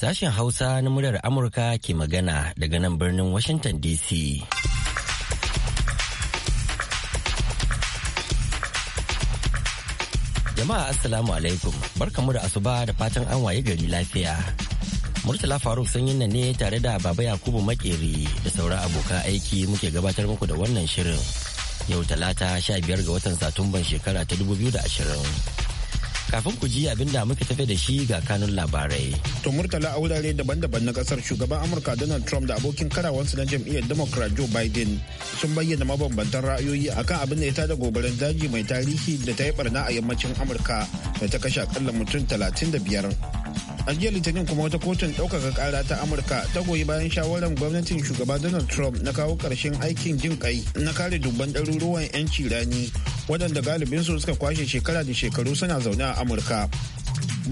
Sashen Hausa na muryar Amurka ke magana daga nan birnin Washington DC. Jama'a Assalamu alaikum barkamu da asuba da fatan an waye gari lafiya. Murtala Faruk sun yi ne tare da Baba Yakubu Makeri da sauran abokan aiki muke gabatar muku da wannan shirin. Yau talata 15 ga watan Satumban shekara ta 2020. kafin ku ji abin da muka tafi da shi ga kanun labarai. To murtala a wurare daban-daban na kasar shugaban Amurka Donald Trump da abokin karawansu na jam'iyyar Democrat Joe Biden sun bayyana mabambantan ra'ayoyi akan abin da ya tada gobarar daji mai tarihi da ta yi barna a yammacin Amurka da ta kashe akalla mutum 35. a jiya litinin kuma wata kotun ɗaukaka kara ta amurka ta goyi bayan shawarar gwamnatin shugaba donald trump na kawo ƙarshen aikin jin kai na kare dubban ɗaruruwan 'yanci rani waɗanda galibinsu suka kwashe shekara da shekaru suna zaune a amurka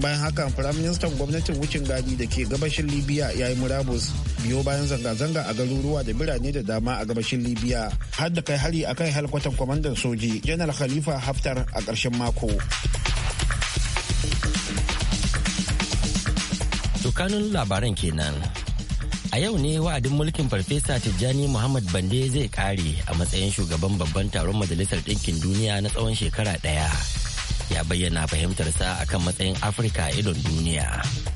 bayan haka firaministan gwamnatin wucin gadi da ke gabashin libya ya yi murabus biyo bayan zanga-zanga a garuruwa da birane da dama a gabashin libya har da kai hari a kai halkwatan kwamandan soji janar khalifa haftar a ƙarshen mako tukanin labaran kenan A yau ne wa'adin mulkin Farfesa Tijjani Muhammad Bande zai kare a matsayin shugaban babban taron Majalisar Ɗinkin Duniya na tsawon shekara ɗaya. ya bayyana fahimtarsa akan matsayin afirka a idon duniya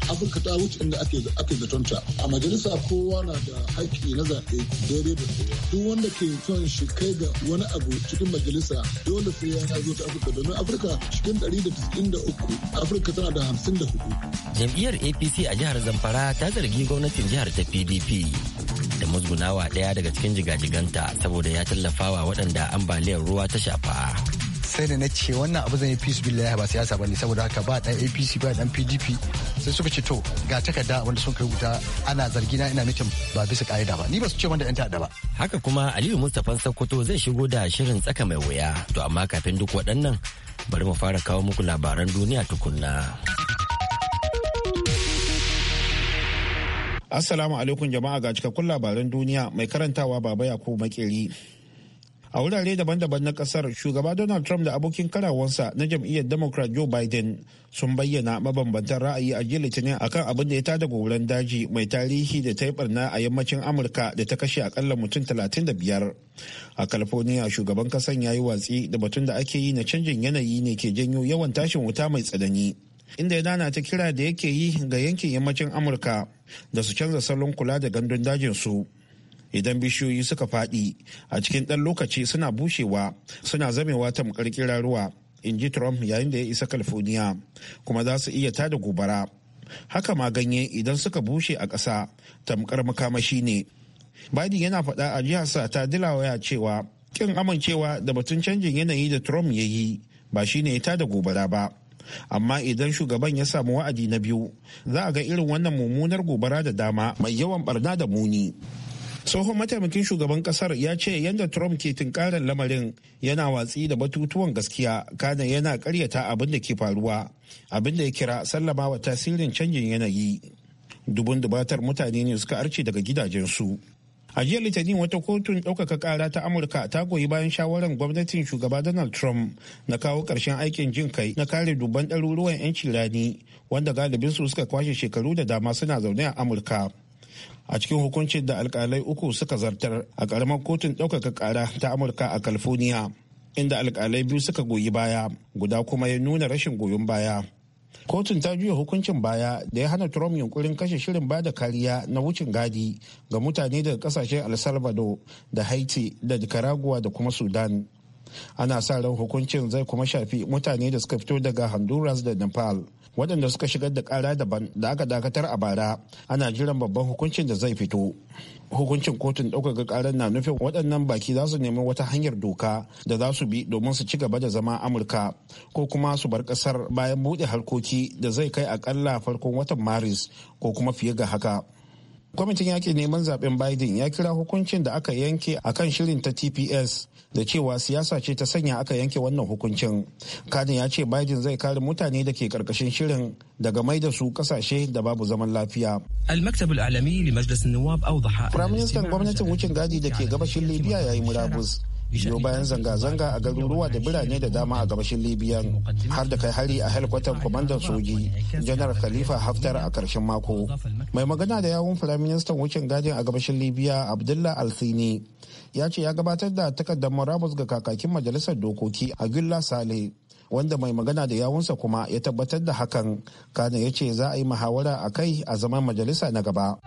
afirka ta wuce inda ake zatonta a majalisa kowa na da haƙƙi na zaɓe daidai da kowa duk wanda ke son shi kai ga wani abu cikin majalisa dole sai ya zo ta afirka domin afirka cikin uku afirka tana da hamsin da hudu. jam'iyyar apc a jihar zamfara ta zargi gwamnatin jihar ta pdp da musgunawa ɗaya daga cikin jigajiganta saboda ya tallafawa waɗanda ambaliyar ruwa ta shafa sai da na ce wannan abu zan yi peace billahi ba siyasa bane saboda haka ba dan APC ba dan PDP sai suka ce to ga takarda wanda sun kai wuta ana zargi na ina mitin ba bisa ka'ida ba ni ba su ce wanda yan ta'adda ba haka kuma Aliyu Mustapha Sokoto zai shigo da shirin tsaka mai wuya to amma kafin duk waɗannan bari mu fara kawo muku labaran duniya tukunna Assalamu alaikum jama'a ga cikakkun labaran duniya mai karantawa baba Yakubu Makeri a wurare daban-daban na kasar shugaba donald trump da abokin karawansa na jam'iyyar democrat joe biden sun bayyana mabambantan ra'ayi a jiya litinin akan abin da ya tada goran daji mai tarihi da ta yi barna a yammacin amurka da ta kashe akalla mutum 35 a california shugaban kasan ya yi watsi da batun da ake yi na canjin yanayi ne ke janyo yawan tashin wuta mai tsanani inda ya nana ta kira da yake yi ga yankin yammacin amurka da su canza salon kula da gandun dajin su idan bishiyoyi suka faɗi a cikin ɗan lokaci suna bushewa suna zamewa ta tamkar ruwa in ji trump yayin da ya isa california kuma za su iya tada gobara haka ma ganye idan suka bushe a ƙasa tamkar makamashi ne biden yana faɗa a jiharsa ta dilawaya cewa kin amincewa da batun canjin yanayi da trump ya yi ba shine ya tada gobara ba amma idan shugaban ya samu wa'adi na biyu za a ga irin wannan mummunar gobara da dama mai yawan barna da muni tsohon mataimakin shugaban kasar ya ce yadda trump ke tunkarar lamarin yana watsi da batutuwan gaskiya kana yana karyata abin da ke faruwa abin da ya kira sallama wa tasirin canjin yanayi dubun dubatar mutane ne suka arce daga gidajensu a jiya litinin wata kotun ɗaukaka kara ta amurka ta goyi bayan shawarar gwamnatin shugaba donald trump na kawo ƙarshen aikin jin kai na kare dubban ɗaruruwan 'yanci rani wanda galibinsu suka kwashe shekaru da dama suna zaune a amurka a cikin hukuncin da alkalai uku suka zartar a karamar kotun ɗaukaka ƙara ta amurka a california inda alkalai biyu suka goyi baya guda kuma ya nuna rashin goyon baya kotun ta juya hukuncin baya da ya hana trump yunkurin kashe shirin bada kariya na wucin gadi ga mutane daga kasashen el salvador da haiti da nicaragua da kuma sudan ana sa ran hukuncin zai kuma shafi mutane da suka fito daga honduras da nepal waɗanda suka shigar da ƙara daban da aka dakatar a bara ana jiran babban hukuncin da zai fito hukuncin kotun ɗaukaka ƙarar na nufin waɗannan baki za su nemi wata hanyar doka da za su bi domin su ci gaba da zama amurka ko kuma su bar ƙasar bayan buɗe harkoki da zai kai aƙalla farkon watan maris ko kuma fiye ga haka kwamitin yaƙi neman zaben biden ya kira hukuncin da aka yanke a kan shirin ta tps da cewa siyasa ce ta sanya aka yanke wannan hukuncin kadin ya ce biden zai kare mutane da ke karkashin shirin daga mai da su kasashe da babu zaman lafiya firaministan gwamnatin wucin gadi da ke gabashin libya ya yi murabus biyo bayan zanga-zanga a garuruwa da birane da dama a gabashin libya har da kai hari a helikwatar kwamandan soji janar khalifa haftar a karshen mako mai magana da yawun firaministan wucin gadin a gabashin libya abdullah alsini ya ce ya gabatar da takardar murabus ga kakakin majalisar dokoki a gilla sale wanda mai magana da yawunsa kuma ya tabbatar da hakan kana ya ce za a yi muhawara a kai a zaman majalisa na gaba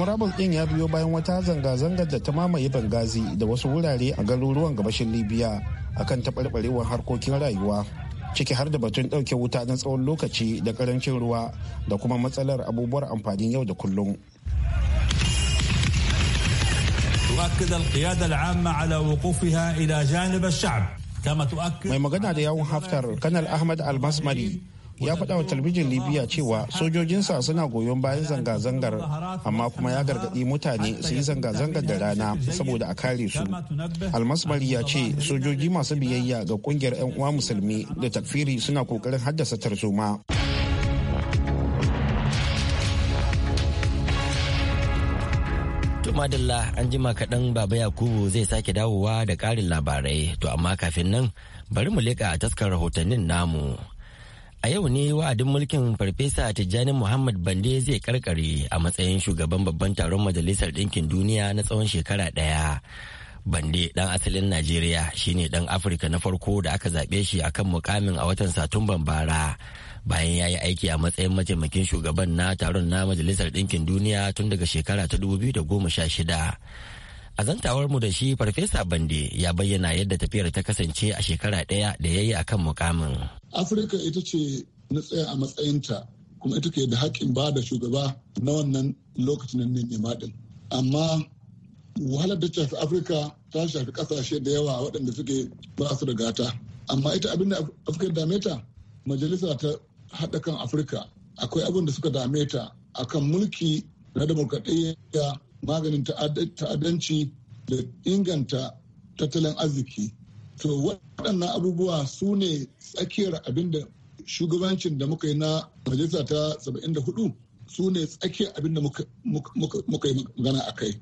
murabus din ya biyo bayan wata zanga-zangar da ta mamaye bangazi da wasu wurare a garuruwan gabashin libya akan taɓarɓarewar harkokin rayuwa ciki har da batun ɗauke wuta na tsawon lokaci da ƙarancin ruwa da kuma matsalar abubuwar amfanin yau da kullum mai magana da yawun haftar kanal ahmad almasmari ya faɗa wa talbijin libya cewa sojojinsa suna goyon bayan zanga-zangar amma kuma ya gargaɗi mutane su yi zanga-zangar da rana saboda a kare su almasmari ya ce sojoji masu biyayya ga ƙungiyar 'yan uwa musulmi da takfiri suna kokarin haddasa tarzoma madalla an jima kaɗan baba yakubu zai sake dawowa da ƙarin labarai to amma kafin nan bari mu leƙa taskar rahotannin namu A yau ne wa'adin mulkin Farfesa Tijjani Muhammad Bande zai karkare a matsayin shugaban babban taron Majalisar Ɗinkin Duniya na tsawon shekara ɗaya. Bande ɗan asalin Najeriya shine ɗan Afirka na farko da aka zaɓe shi a kan mukamin a watan Satumban bara. bayan ya yi aiki a matsayin mataimakin shugaban na taron na majalisar ɗinkin duniya tun daga shekara ta dubu biyu da goma sha shida. A zantawar mu da shi Farfesa Bande ya bayyana yadda tafiyar ta kasance a shekara ɗaya da ya yi a kan mukamin. Afirka ita ce na tsaya a matsayinta kuma ita ke da haƙƙin ba da shugaba na wannan lokacin nan ne maɗin Amma wahalar da shafi Afirka ta shafi ƙasashe da yawa waɗanda suke ba su da gata. Amma ita abin da Afirka dame ta majalisa ta haɗa kan Afirka akwai abin da suka dame ta akan mulki na demokradiyya maganin ta'addanci da inganta tattalin arziki to waɗannan abubuwa su ne tsakiyar abinda shugabancin da muka yi na majalisa ta 74 su ne tsakiyar abinda muka yi magana a kai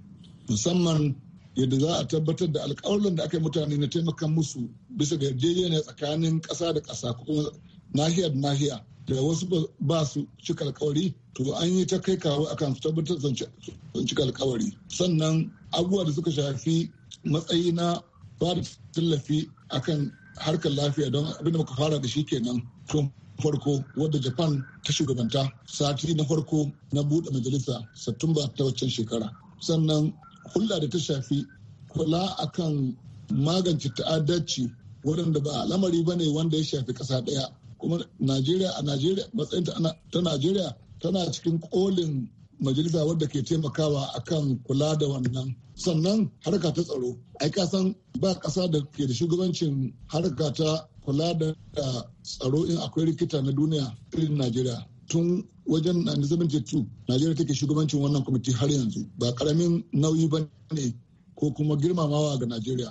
musamman yadda za a tabbatar da alkawarin da aka yi mutane na taimaka musu bisa ga yarjejeniya tsakanin ƙasa da ƙasa ko nahiya da nahiya da wasu ba su cika alkawari to an yi ta kai kawo akan su tabbatar sun cika alkawari sannan abubuwa da suka shafi matsayi na ba da tallafi akan harkar lafiya don abin da muka fara da shi kenan tun farko wadda japan ta shugabanta sati na farko na buɗe majalisa satumba ta waccan shekara sannan hulɗa da ta shafi kula akan magance ta'addaci waɗanda ba lamari ba ne wanda ya shafi ƙasa ɗaya kuma najeriya a najeriya matsayin ta najeriya tana cikin kolin majalisa wadda ke taimakawa akan kula da wannan sannan harka ta tsaro ai kasan ba kasa da ke da shugabancin harka ta kula da tsaro in akwai rikita na duniya irin najeriya tun wajen 1972 najeriya take shugabancin wannan kwamiti har yanzu ba karamin nauyi ba ne ko kuma girmamawa ga najeriya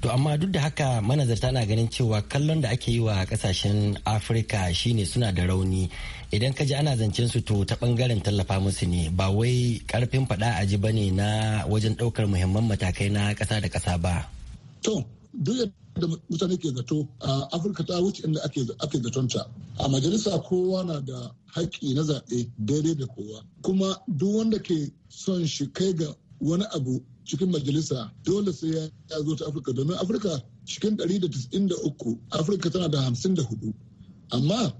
To amma duk da haka manazarta na ganin cewa kallon da ake yi wa kasashen Afirka shine suna da rauni idan ka ji ana zancen su to ta bangaren tallafa musu ne ba wai karfin fada a ji bane na wajen daukar muhimman matakai na kasa da kasa ba. To duk da mutane ke zato a Afirka ta wuce inda ake zatonta a majalisa kowa na da haƙƙi na zaɓe daidai da kowa kuma duk wanda ke son shi kai ga wani abu cikin majalisa dole sai ya zo ta afirka domin afirka cikin 193 afirka tana da 54 amma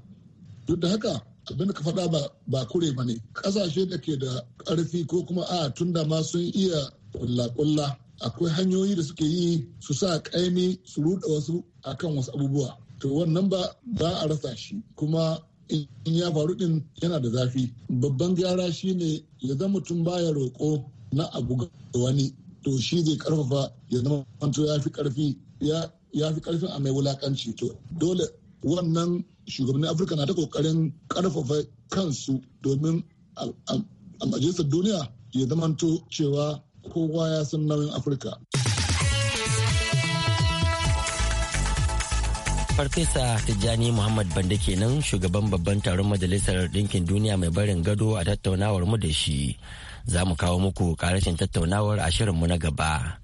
duk da haka abinda ka faɗa ba kure ba ne ƙasashe da ke da ƙarfi ko kuma a tun da ma sun iya kulla-kulla akwai hanyoyi da suke yi su sa ƙaimi su ruɗa wasu akan wasu abubuwa to wannan ba a rasa shi kuma in ya faru din yana da zafi babban gyara shine ya zama mutum baya roƙo na abu ga wani to shi zai karfafa ya zama to ya fi karfi ya fi karfin a mai wulakanci to dole wannan shugabannin afirka na ta kokarin karfafa kansu domin a majalisar duniya ya zamanto cewa kowa ya san nauyin afirka farfesa tijjani muhammad banda kenan shugaban babban taron majalisar ɗinkin duniya mai barin gado a tattaunawar mu da shi za mu kawo muku karashin tattaunawar a shirinmu na gaba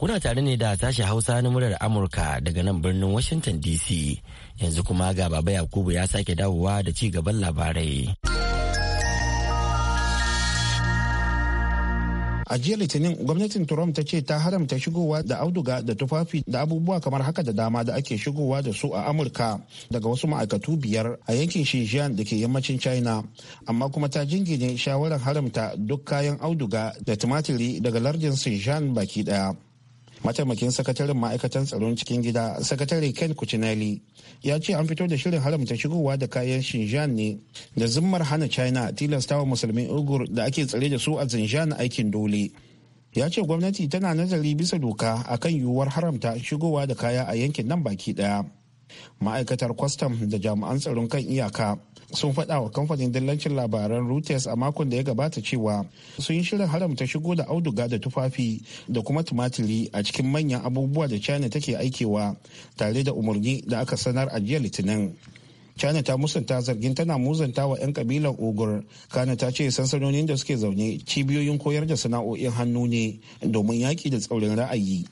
kuna tare ne da tashi hausa na murar amurka daga nan birnin washington dc yanzu kuma ga baba yakubu ya sake dawowa da ci gaban labarai. a jiya litinin gwamnatin trump ta ce ta haramta shigowa da auduga da tufafi da abubuwa kamar haka da dama da ake shigowa da su a amurka daga wasu ma'aikatu biyar a yankin shijiyan da ke yammacin china amma kuma ta jingine shawarar haramta duk kayan auduga da tumatiri daga lardin shijiyan baki daya mataimakin sakataren ma'aikatan tsaron cikin gida sakatare ken kucinelli ya ce an fito da shirin haramta shigowa da kayan shinjan ne da zimmar hana china tilastawa musulmi ugur da ake tsare da su a zinjan aikin dole ya ce gwamnati tana nazari bisa doka akan yiwuwar haramta shigowa da kaya a yankin nan baki daya ma'aikatar kwastam da jami'an tsaron kan iyaka sun faɗa wa kamfanin dillancin labaran reuters a makon da ya gabata cewa sun yi shirin haramta shigo da auduga da tufafi da kuma tumatiri a cikin manyan abubuwa da china take aikewa tare da umarni da aka sanar a jiya litinin china ta musanta zargin tana muzanta wa 'yan kabilar ogur kana ta ce sansanonin da suke zaune cibiyoyin koyar da sana'o'in hannu ne domin yaƙi da tsaurin ra'ayi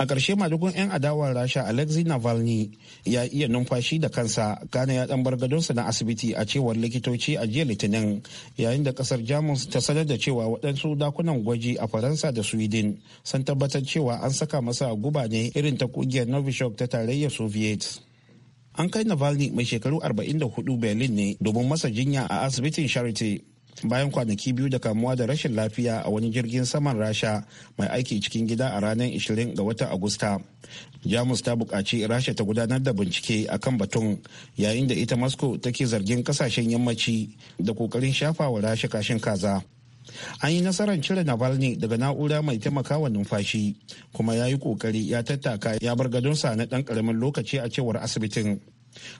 a ƙarshe madugun 'yan adawar rasha alexei navalny ya iya numfashi da kansa gane ya ɗan bargadonsa na asibiti a cewar likitoci a jiya litinin yayin da ƙasar jamus ta sanar da cewa waɗansu dakunan gwaji a faransa da sweden sun tabbatar cewa an saka masa guba ne irin ta ƙungiyar novichok ta tarayyar soviet an kai navalny mai shekaru 44 berlin ne domin masa jinya a asibitin charity bayan kwanaki biyu da kamuwa da rashin lafiya a wani jirgin saman rasha mai aiki cikin gida a ranar 20 ga wata agusta jamus ta buƙaci rasha ta gudanar da bincike a kan batun yayin da ita moscow take zargin kasashen yammaci da ƙoƙarin shafa wa rasha kashin kaza an yi nasarar cire navalny daga na'ura mai taimakawa numfashi kuma ya yi ƙoƙari ya tattaka ya bar gadonsa na ɗan ƙaramin lokaci a cewar asibitin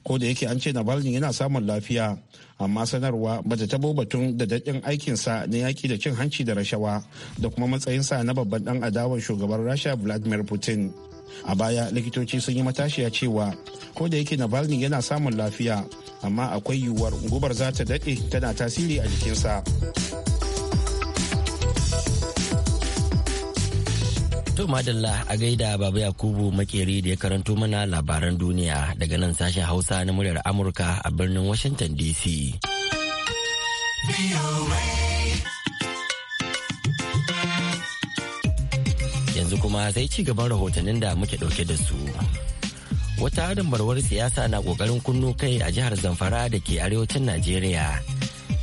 ko da yake an ce navalny yana samun lafiya amma sanarwa bata tabo batun da daɗin aikinsa na yaki da cin hanci da rashawa da kuma matsayinsa na babban ɗan adawar shugaban rasha vladimir putin a baya likitoci sun yi matashiya cewa ko da yake navalny yana samun lafiya amma akwai yiwuwar gubar za ta daɗe tana tasiri a jikinsa. To madalla a gaida Baba Yakubu makeri da ya karanto mana labaran duniya daga nan sashen Hausa na muryar Amurka a birnin Washington DC. Yanzu kuma sai ci gaban rahotannin da muke ɗauke da su. Wata dambarwar siyasa na ƙoƙarin kunno kai a jihar Zamfara da ke arewacin Najeriya.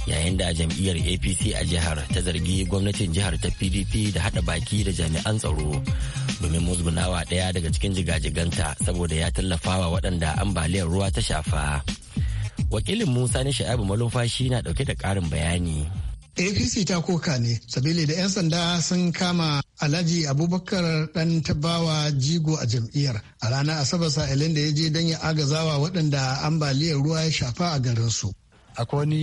yayin da jam'iyyar apc a jihar ta zargi gwamnatin jihar ta pdp da hada baki da jami'an tsaro domin musgunawa daya daga cikin jigajiganta saboda ya tallafawa waɗanda ambaliyar ruwa ta shafa wakilin musa ne sha'abu malumfashi na ɗauke da karin bayani apc ta koka ne sabili da 'yan sanda sun kama alhaji abubakar dan tabawa jigo a jam'iyyar a ranar asabar sa'ilin da ya je don ya agazawa waɗanda ambaliyar ruwa ya shafa a garinsu akwai wani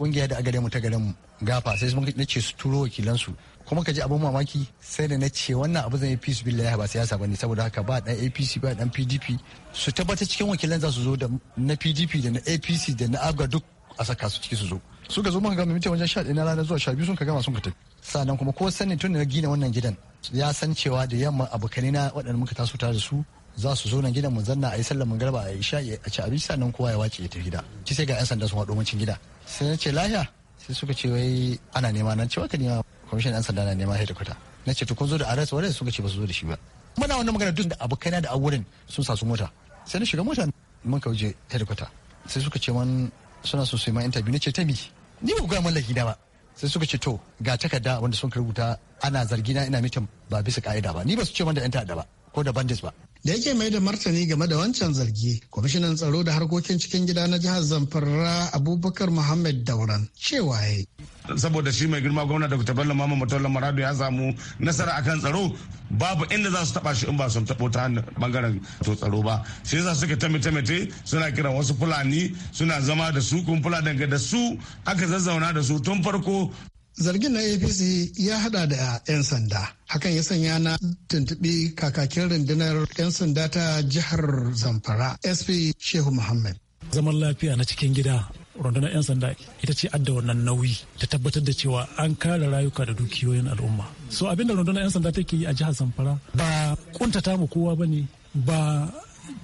kungiya da agare mu ta garin mu gafa sai mun nace su turo su kuma ka ji abin mamaki sai da na ce wannan abu zai peace billahi ba siyasa bane saboda haka ba dan APC ba dan PDP su tabbata cikin wakilan za su zo da na PDP da na APC da na ABGA duk a saka su ciki su zo su ga zo muka ga mai wajen sha na rana zuwa sha biyu sun ka gama sun ka tafi sannan kuma ko sanin tun da gina wannan gidan ya san cewa da yamma abokanai na waɗanda muka taso tare da su za su zo nan gidan mu zanna a yi sallar garba a yi sha a ci abinci sannan kowa ya wace ya tafi gida ci sai ga 'yan sanda sun haɗo mancin gida sai na ce lahiya sai suka ce wai ana nema nan ce wata nema kwamishin ɗan sanda na nema hedikwata na ce tukun kun zo da arasa warrant suka ce ba su zo da shi ba muna wannan magana duk da abokaina da awurin sun sa su mota sai na shiga mota mun kauje hedikwata sai suka ce man suna so su yi ma interview na ce ta mi ni ba gaya mallaki na ba sai suka ce to ga takarda wanda sun rubuta ana zargina ina mitin ba bisa ka'ida ba ni ba su ce man da yan ta'adda ba ko da bandits ba da yake mai da martani game da wancan zargi kwamishinan tsaro da harkokin cikin gida na jihar zamfara abubakar muhammad dauran cewa ya saboda shi mai girma gwamna dr bello mama mutola maradu ya samu nasara akan tsaro babu inda za su taba shi in ba su tabo ta bangaren to tsaro ba shi yasa suka ta suna kiran wasu fulani suna zama da su kun daga da su aka zazzauna da su tun farko Zargin na APC ya hada da 'yan sanda. Hakan ya sanya na tuntuɓi kakakin rundunar 'yan sanda ta jihar Zamfara, SP Shehu Muhammad. Zaman lafiya na cikin gida rundunar 'yan sanda ita ce adda wannan nauyi ta tabbatar da cewa an kare rayuka da dukiyoyin al'umma so abinda rundunar 'yan sanda take yi a jihar zamfara ba kuntata mu kowa bane ba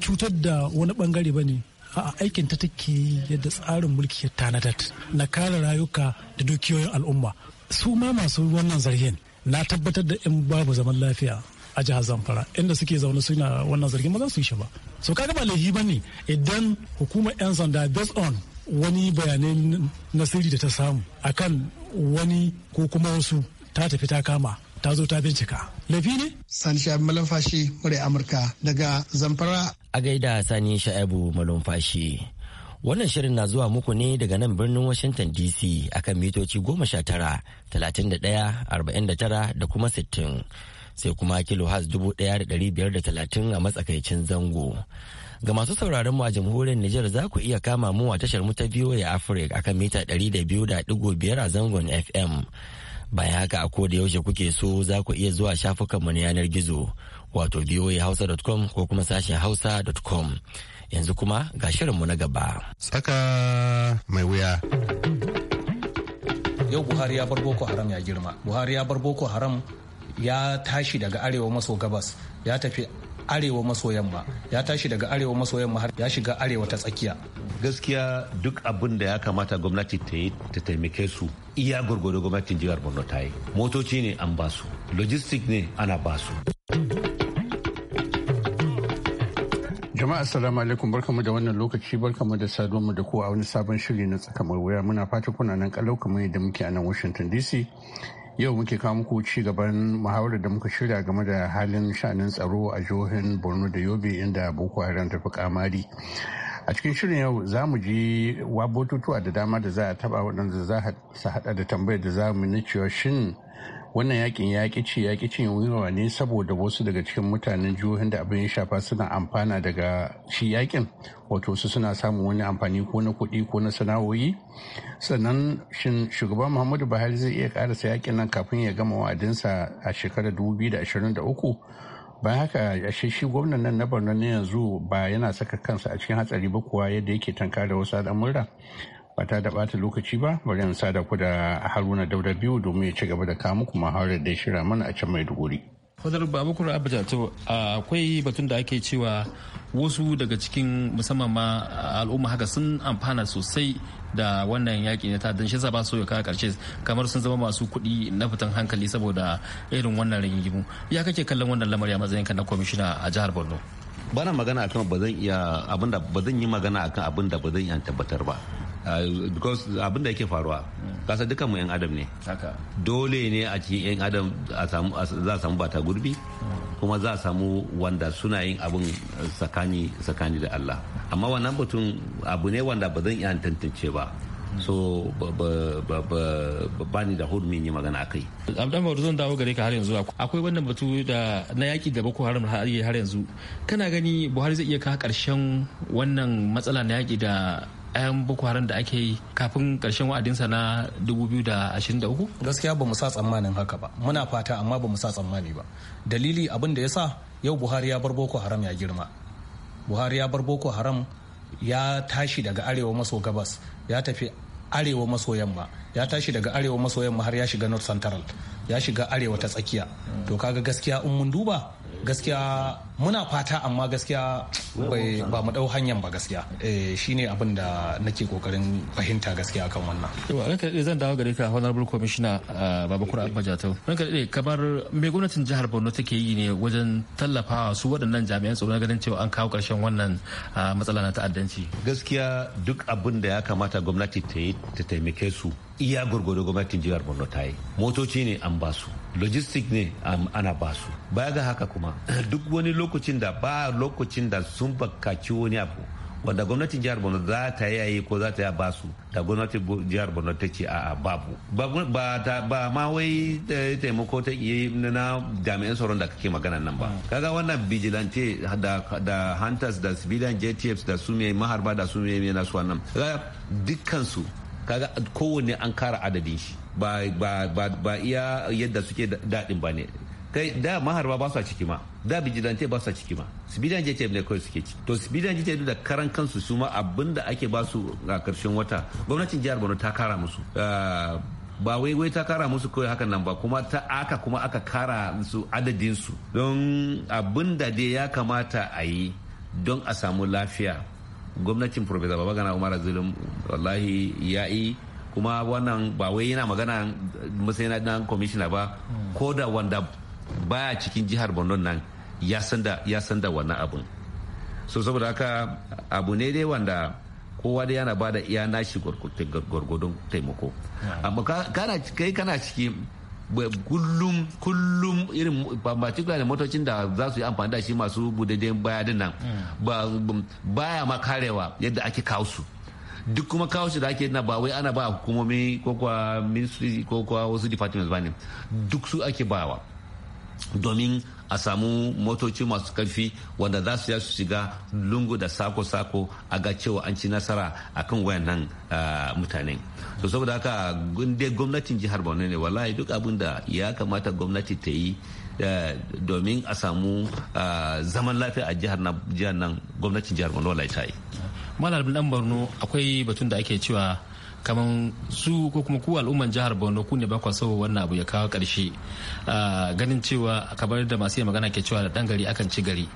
cutar da wani bangare bane a aikin ta take yadda tsarin mulki ya tanadar na kare rayuka da dukiyoyin al'umma su ma masu wannan zargin na tabbatar da in babu zaman lafiya a jihar zamfara inda suke zaune suna wannan zargin ba za su yi shi ba so kaga ba laifi ba ne idan hukumar 'yan sanda based on wani bayanai na sirri da ta samu akan wani ko kuma wasu ta tafi ta kama ta zo ta bincika laifi ne sani Sha'ibu malumfashi murai amurka daga zamfara a gaida sani sha'ibu malumfashi wannan shirin na zuwa muku ne daga nan birnin washington dc a kan mitoci goma sha tara da da kuma 60, sai kuma kilo has 1,530 a matsakaicin zango ga masu sauraron mu a jamhuriyar Nijar za ku iya kama mu a tashar mu ta VOA Africa kan mita 200.5 a zangon FM bayan haka a da yaushe kuke so za ku iya zuwa shafukanmu na yanar gizo wato voahausa.com ko kuma sashen hausa.com yanzu kuma ga shirinmu na gaba tsaka mai wuya yau buhari ya bar boko haram ya girma buhari ya bar boko haram ya tashi daga arewa maso gabas ya tafi arewa maso yamma ya tashi daga arewa maso yamma har ya shiga arewa ta tsakiya gaskiya duk abin da ya kamata gwamnati ta yi ta taimake su iya gwargwado gwamnatin jihar borno ta yi motoci ne an basu logistic ne ana basu jama'a assalamu alaikum barkamu da wannan lokaci barkamu da saduwa mu da ku a wani sabon shiri na tsakamar wuya muna fata kuna nan kalau kamar yadda muke a nan washington dc yau muke kawo muku ci gaban muhawarar da muka shirya game da halin sha'anin tsaro a jihohin borno da yobe inda boko haram tafi kamari a cikin shirin yau za mu ji wa da dama da za a taba waɗanda za su haɗa da tambayar da za mu ni cewa shin wannan yakin ya ki ce ya ki cin ne saboda wasu daga cikin mutanen jihohin da abin ya shafa suna amfana daga shi yakin wato su suna samun wani amfani ko na kuɗi ko na sana'o'i sannan shin shugaban muhammadu buhari zai iya karasa yakin nan kafin ya gama wa'adinsa a shekarar 2023 bayan haka ashe shi gwamnan nan na borno na yanzu ba yana saka kansa a cikin hatsari ba kuwa yadda yake tanka da wasu al'amura ba ta da bata lokaci ba bari an sada ku da haruna dauda biyu domin ya ci gaba da kamu kuma haure da shira mana a can maiduguri fadar babu abu akwai batun da ake cewa wasu daga cikin musamman ma al'umma haka sun amfana sosai da wannan yaƙi na ta'addan shi ba so ya kawo ƙarshe kamar sun zama masu kuɗi na fitan hankali saboda irin wannan rigingimu ya kake kallon wannan lamari a matsayinka na kwamishina a jihar borno bana magana akan ba zan iya abinda ba zan yi magana akan abin da ba zan iya tabbatar ba Eh, because abin da yake faruwa kasa dukkan mu yan adam ne dole ne a cikin yan adam za a samu bata gurbi kuma za a samu wanda suna yin abin tsakani da Allah amma wannan batun abu ne wanda ba zan iya tantance ba so ba ni da hurumin yi magana akai abdan bauru zan dawo gare ka har yanzu akwai wannan batu da na yaki da boko haram har yanzu kana gani buhari zai iya kawo karshen wannan matsala na yaki da 'yan boko haram da ake yi kafin karshen wa'adinsa na 2023 gaskiya ba mu sa tsammanin haka ba muna fata amma ba mu sa tsammani ba dalili abin da ya sa yau buhari ya bar boko haram ya girma buhari ya bar boko haram ya tashi daga arewa maso gabas ya tafi arewa maso yamma ya tashi daga arewa maso yamma har ya shiga north central ya shiga arewa ta tsakiya to kaga gaskiya in mun duba gaskiya muna fata amma gaskiya ba mu dau hanyar ba gaskiya eh, shine abin da nake kokarin fahimta gaskiya akan wannan yawa ranka dai zan dawo gare ka honorable commissioner uh, babakura jatau ranka dai kamar me gwamnatin jihar Borno take yi ne wajen tallafawa su waɗannan jami'an tsaro na ganin cewa an kawo ƙarshen wannan uh, matsala na ta'addanci gaskiya duk abin da ya kamata gwamnati ta yi ta taimake su iya gwargwado gwamnatin jihar borno ta yi motoci ne an ba su logistic ne ana ba su baya ga haka kuma duk wani lokacin da ba lokacin da sun sun bakaci wani abu wanda gwamnatin jihar borno za ta yayi ko za ta ya basu da gwamnatin jihar borno ta ce a babu ba ma wai eh, taimako ta yi na jami'an tsaron da kake magana nan ba mm. kaga wannan vigilante da hunters da civilian jtfs da su mai maharba da su mai na su wannan dukkan su kaga kowanne an kara adadin shi ba iya yadda suke daɗin ba ne kai da maharba ba su ciki ma da bijilante ba su ciki ma civilian jet ne kawai suke ci to civilian jet da karan kansu su ma abin da ake ba su a karshen wata gwamnatin jihar borno ta kara musu eh, ba wai wai ta kara musu kawai hakan nan ba kuma ta aka kuma aka kara su adadin su don abin da dai ya kamata a yi don a samu lafiya gwamnatin professor babagana umar zulum wallahi ya yi kuma wannan ba wai yana magana matsayin na commissioner ba ko da wanda baya cikin jihar borno nan ya san da wannan abun so saboda haka abu ne dai wanda kowa da yana ba iya nashi gwargwadon taimako amma kai kana ciki kullum kullum irin particular motocin da za su yi amfani da shi masu budaden baya din nan mm. baya ma karewa yadda ake kawo su duk kuma kawo shi da ake na ba wai ana ba hukumomi ko kwa ministry ko kwa wasu departments ba ne duk su ake bawa domin a samu motoci masu karfi wanda za su su shiga lungu da sako-sako a ga cewa an ci nasara a kan wayannan mutane to saboda haka gunde gwamnatin jihar borno ne wallahi duk abin da ya kamata gwamnati ta yi eh, domin a samu zaman lafiya a jihar nan gwamnatin jihar borno wallahi ta yi malam dan borno akwai batun da ake cewa kamar su ko kuma ku al'umman jihar borno ku ne bakwa sau wannan abu ya kawo karshe ah, ganin cewa kamar da masu magana ke cewa da ɗan akan ci gari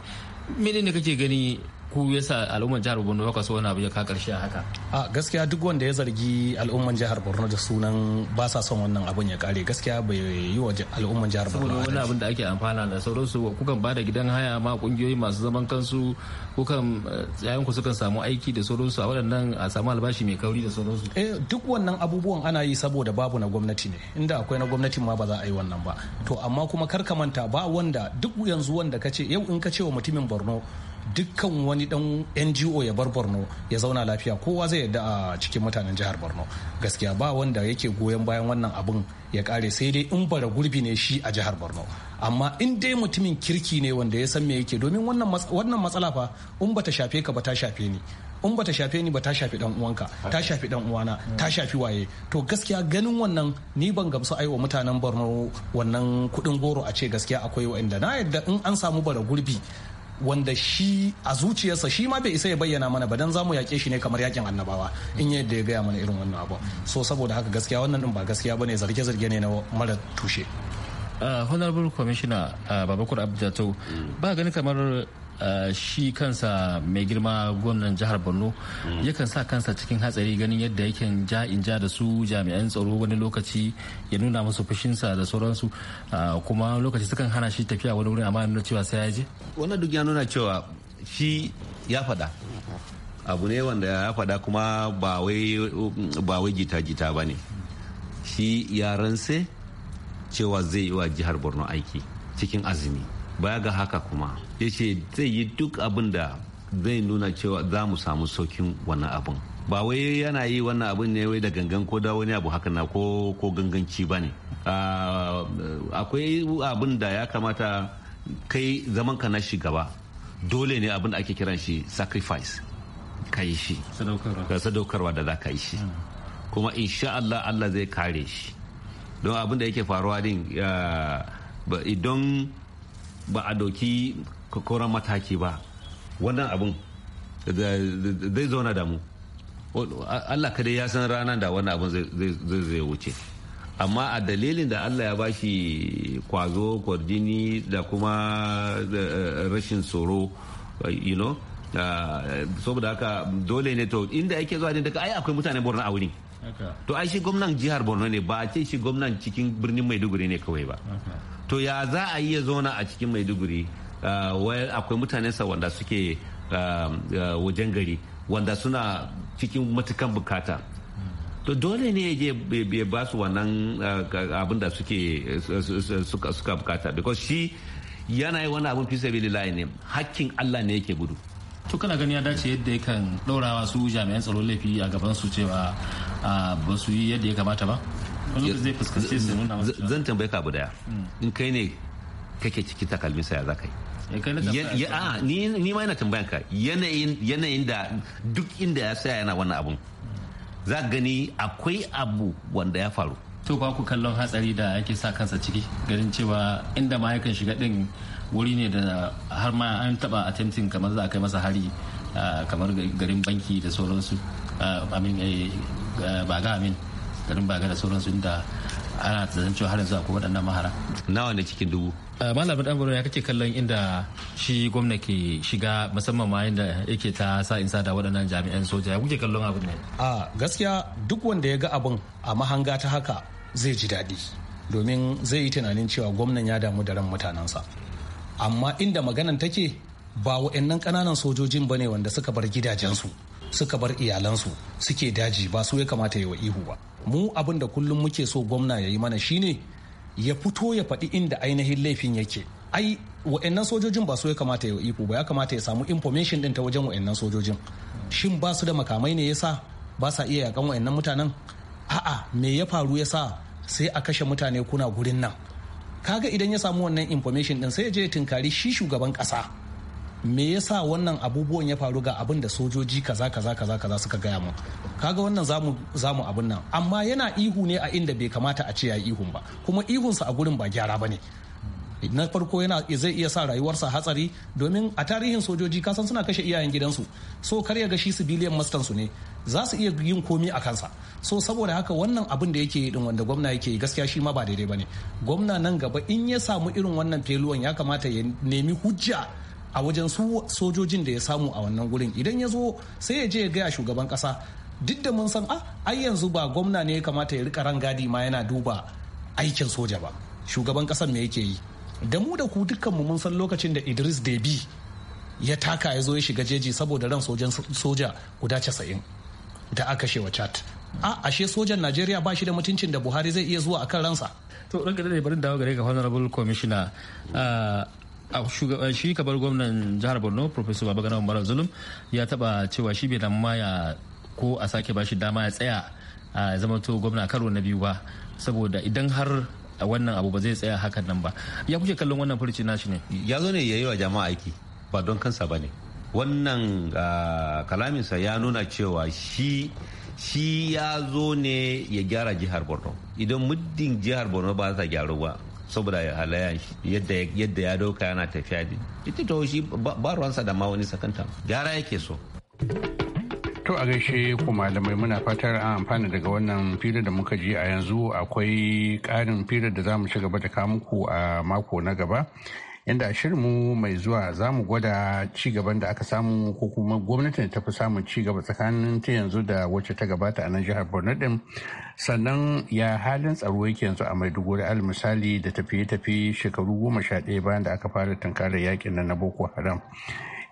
menene kake gani ku yasa al'umman jihar Borno ba so wani abu ya ka karshe haka a gaskiya duk wanda ya zargi al'umman jihar Borno da sunan ba sa son wannan abun ya kare gaskiya bai yi wa al'umman jihar Borno wani abin da ake amfana da sauransu kukan ba da gidan haya ma kungiyoyi masu zaman kansu kukan eh, yayan ku sukan samu aiki da sauransu a waɗannan a samu albashi mai kauri da sauransu eh duk wannan abubuwan ana yi saboda babu na gwamnati ne inda akwai na gwamnatin ma ba za a yi wannan ba to amma kuma kar ka manta ba wanda duk yanzu wanda kace yau in ka ce wa mutumin Borno dukkan wani dan ngo ya bar borno ya zauna lafiya kowa zai yadda a cikin mutanen jihar borno gaskiya ba wanda yake goyon bayan wannan abun ya kare sai dai in bara gurbi ne shi a jihar borno amma in dai mutumin kirki ne wanda ya san me yake domin wannan matsala fa in bata shafe ka ba ta shafe ni in bata shafe ni ba ta shafe dan uwanka ta shafe dan uwana mm. ta shafi waye to gaskiya ganin wannan ni ban gamsu aiwa mutanen Borno wannan kudin goro a ce gaskiya akwai wa'anda na yadda in an samu bara gurbi wanda shi a zuciyarsa shi ma bai isa ya bayyana mana ba dan zamu yake shi ne kamar yakin annabawa in yadda ya gaya mana irin wannan abu so saboda haka gaskiya wannan din ba gaskiya bane zarge-zarge ne na mara tushe uh, honorable commissioner uh, babakur abdulato mm. ba gani kamar Eh, shi kansa mai girma gwamnan jihar borno mm. yakan sa kansa cikin hatsari ganin yadda yake ja in ja da su jami'an tsaro wani lokaci ya nuna musu fushinsa da sauransu eh, kuma lokaci sukan hana shi tafiya wani wurin amma nuna cewa sai ya je wannan duk ya nuna cewa shi ya faɗa abu ne wanda ya faɗa kuma ba wai gita jita ba ne shi ya rantse cewa zai yi wa jihar borno aiki cikin azumi baya ga haka kuma ya ce zai yi duk abin da zai nuna cewa za mu samu saukin wannan abin ba wai yana yi wannan abin ne wai da gangan ko da wani abu haka na ko ko ganganci ba ne ah, akwai abin da ya kamata kai zaman ka na shigaba dole ne abin da ake kiran shi sacrifice ka yi shi sadaukarwa da za ka yi shi hmm. kuma insha Allah Allah zai kare shi don abin da yake faruwa din ah, idan ba a doki koran mataki ba wannan abin zai zauna da mu allah kadai ya san ranar da wannan abin zai zai wuce amma a dalilin da allah ya bashi kwazo kwarjini da kuma eh, rashin tsoro you know ah, saboda haka dole ne to inda ake zuwa ne daga ai akwai mutane borno a wuri. to ai shi gwamnan jihar borno ne ba a ce shi gwamnan cikin birnin maiduguri ne kawai ba to ya za a yi ya zauna a cikin maiduguri ah, akwai mutanensa wanda suke ah, ah, wajen gari wanda suna cikin matukan bukata to dole ne ya je ba su wannan abin da suke suka bukata because shi yana yi wani abin fi sabilillahi ne hakkin Allah ne yake gudu to kana gani ya dace yadda yakan ɗaurawa su jami'an tsaro laifi a gaban su cewa ba su yi yadda ya kamata ba zan tambaye ka abu daya hmm. in kai ne kake ciki sa saya za ka yi ni ma yana tambayan ka yanayin da duk inda ya saya yana wannan abun hmm. za gani akwai abu wanda ya faru to ba ku kallon hatsari da ake sa kansa ciki ganin cewa inda ma yakan shiga din wuri ne da har ma an taba attempting kamar za a kai masa hari kamar garin banki da sauransu amin eh, ba ga amin garin baga da sauransu inda ana tsanin cewa har yanzu akwai waɗannan mahara nawa ne cikin dubu eh, malamin ɗanbaro ya kake kallon inda shi gwamna ke shiga musamman ma inda yake ta sa in sada waɗannan jami'an soja ya kuke kallon abin ne a gaskiya duk wanda ya ga abin a mahanga ta haka zai ji daɗi domin zai yi tunanin cewa gwamnan ya damu da ran mutanensa amma inda maganan take ba wa'annan ƙananan sojojin ba ne wanda suka bar gidajensu suka bar iyalansu suke daji ba su ya kamata yi wa ihu ba mu abin da kullum muke so gwamna ya yi mana shine ya fito ya faɗi inda ainihin laifin yake ai wa'annan sojojin ba su ya kamata ya ihu ba ya kamata ya samu information din ta wajen wa'annan sojojin shin ba su da makamai ne yasa ba sa iya yakan wa'annan mutanen a'a me ya faru yasa sai a kashe mutane kuna gurin nan kaga idan ya samu wannan information din sai ya je tinkari shi shugaban kasa me yasa wannan abubuwan ya faru ga abin da sojoji kaza kaza kaza kaza suka gaya mu kaga wannan zamu zamu abin nan amma yana ihu ne a inda bai kamata a ce ya ihun ba kuma ihunsa a gurin ba gyara ba ne. na farko yana zai iya sa rayuwarsa hatsari domin a tarihin sojoji kasan suna kashe iyayen gidansu so kar ya ga shi civilian mastan su ne za su iya yin komi a kansa so saboda haka wannan abin da yake din wanda gwamna yake gaskiya shi ma ba daidai bane gwamna nan gaba in ya samu irin wannan feluwan ya kamata ya nemi hujja a wajen su sojojin da ya samu a wannan gurin idan ya zo sai ya je ya gaya shugaban kasa duk da mun san a ah, ai yanzu ba gwamna ne ya kamata ya rika rangadi ma yana duba aikin soja ba shugaban kasan me yake yi da mu da ku dukkanmu mun san lokacin da idris debi ya taka ya zo ya shiga jeji saboda ran sojan soja guda casa'in da aka shewa chat a ah, ashe sojan najeriya ba shi da mutuncin da buhari zai iya zuwa kan ransa to ranka da bari dawo gare ga honorable commissioner ah, shi kabar gwamnan jihar borno professor babagana umar zulum ya taba cewa shi bai da maya ko a sake bashi dama ya tsaya a zamanto gwamna karo na biyu ba saboda idan har wannan abu ba zai tsaya hakan nan ba ya kuke kallon wannan furuci nashi ne ya zo ne yayi wa jama'a aiki ba don kansa ba ne wannan ah, kalaminsa ya nuna cewa shi shi ya zo ne ya gyara jihar borno idan muddin jihar borno ba za ta gyaru ba saboda halayen yadda yadda ya ɗauka yana tafiya din ita to shi ba ruwansa da ma wani sakanta gyara yake so to a gaishe ku malamai muna fatar an amfana daga wannan filin da muka ji a yanzu akwai karin filin da za mu ci gaba da kawo muku a mako na gaba inda a shirinmu mai zuwa za mu gwada cigaban da aka samu ko kuma gwamnatin ta fi samun cigaba tsakanin ta yanzu da wacce ta gabata a nan jihar borno din sannan ya halin tsaro yake yanzu a maiduguri al misali da tafiye-tafiye shekaru goma sha ɗaya bayan da aka fara tunkarar yakin na boko haram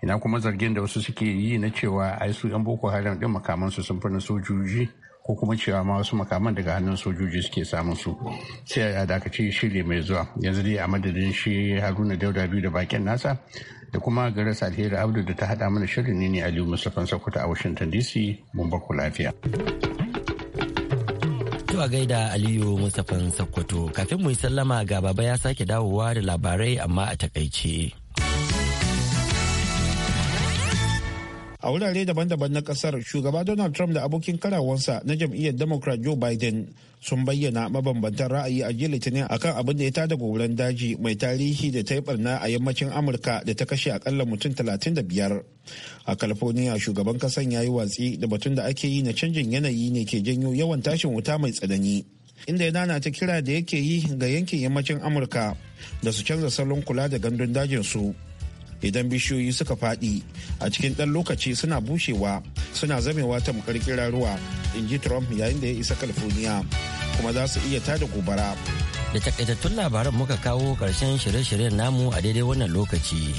ina kuma zargin da wasu suke yi na cewa ai su yan boko haram din makamansu sun fi na sojoji ko kuma cewa ma wasu makaman daga hannun sojoji suke samun su sai a dakaci shiri mai zuwa yanzu dai a madadin shi haruna dauda biyu da bakin nasa da kuma garas alheri abdu da ta hada mana shirin ne ne aliyu mustapha sokoto a washington dc mun baku lafiya Zuwa gaida aliyu mustapha sokoto kafin mu yi sallama ga baba ya sake dawowa da labarai amma a takaice. a wurare daban-daban na kasar shugaba donald trump da abokin karawansa na jam'iyyar democrat joe biden sun bayyana mabambantan ra'ayi a jiya litinin akan abin da ya tada goran daji mai tarihi da ta yi barna a yammacin amurka da ta kashe akalla mutum 35 a california shugaban kasan ya yi watsi da batun da ake yi na canjin yanayi ne ke janyo yawan tashin wuta mai tsanani inda ya nana ta kira da yake yi ga yankin yammacin amurka da su canza salon kula da gandun dajin su idan bishiyoyi suka faɗi a cikin ɗan lokaci suna bushewa suna zamewa tamkar ruwa in ji trump yayin da ya isa california kuma za su iya tada gobara da takaitattun labaran muka kawo ƙarshen shirye-shiryen namu a daidai wannan lokaci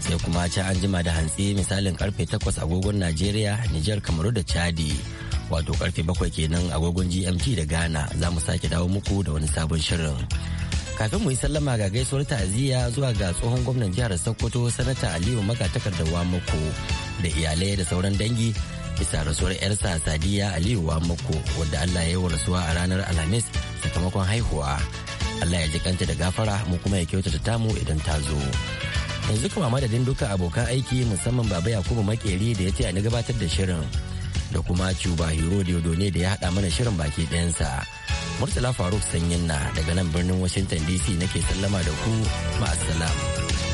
sai kuma ci an jima da hantsi misalin karfe 8 agogon najeriya nijar kamaru da chadi wato karfe 7 kenan agogon gmt da ghana za mu sake dawo muku da wani sabon shirin. kafin mu yi sallama ga gaisuwar ta'aziyya zuwa ga tsohon gwamnan jihar sokoto sanata aliyu magatakarda wamako da iyalai da sauran dangi bisa rasuwar yarsa sadiya aliyu wamako wadda allah ya yi wa rasuwa a ranar alhamis sakamakon haihuwa allah ya ji kanta da gafara mu kuma ya kyautata tamu idan ta zo yanzu kuma madadin duka abokan aiki musamman baba yakubu makeri da ya ce ni gabatar da shirin da kuma cuba hero ne da ya haɗa mana shirin baki ɗayan sa Murtala Faruk Sanyin na daga nan birnin Washington DC nake sallama da ku ma'asalam.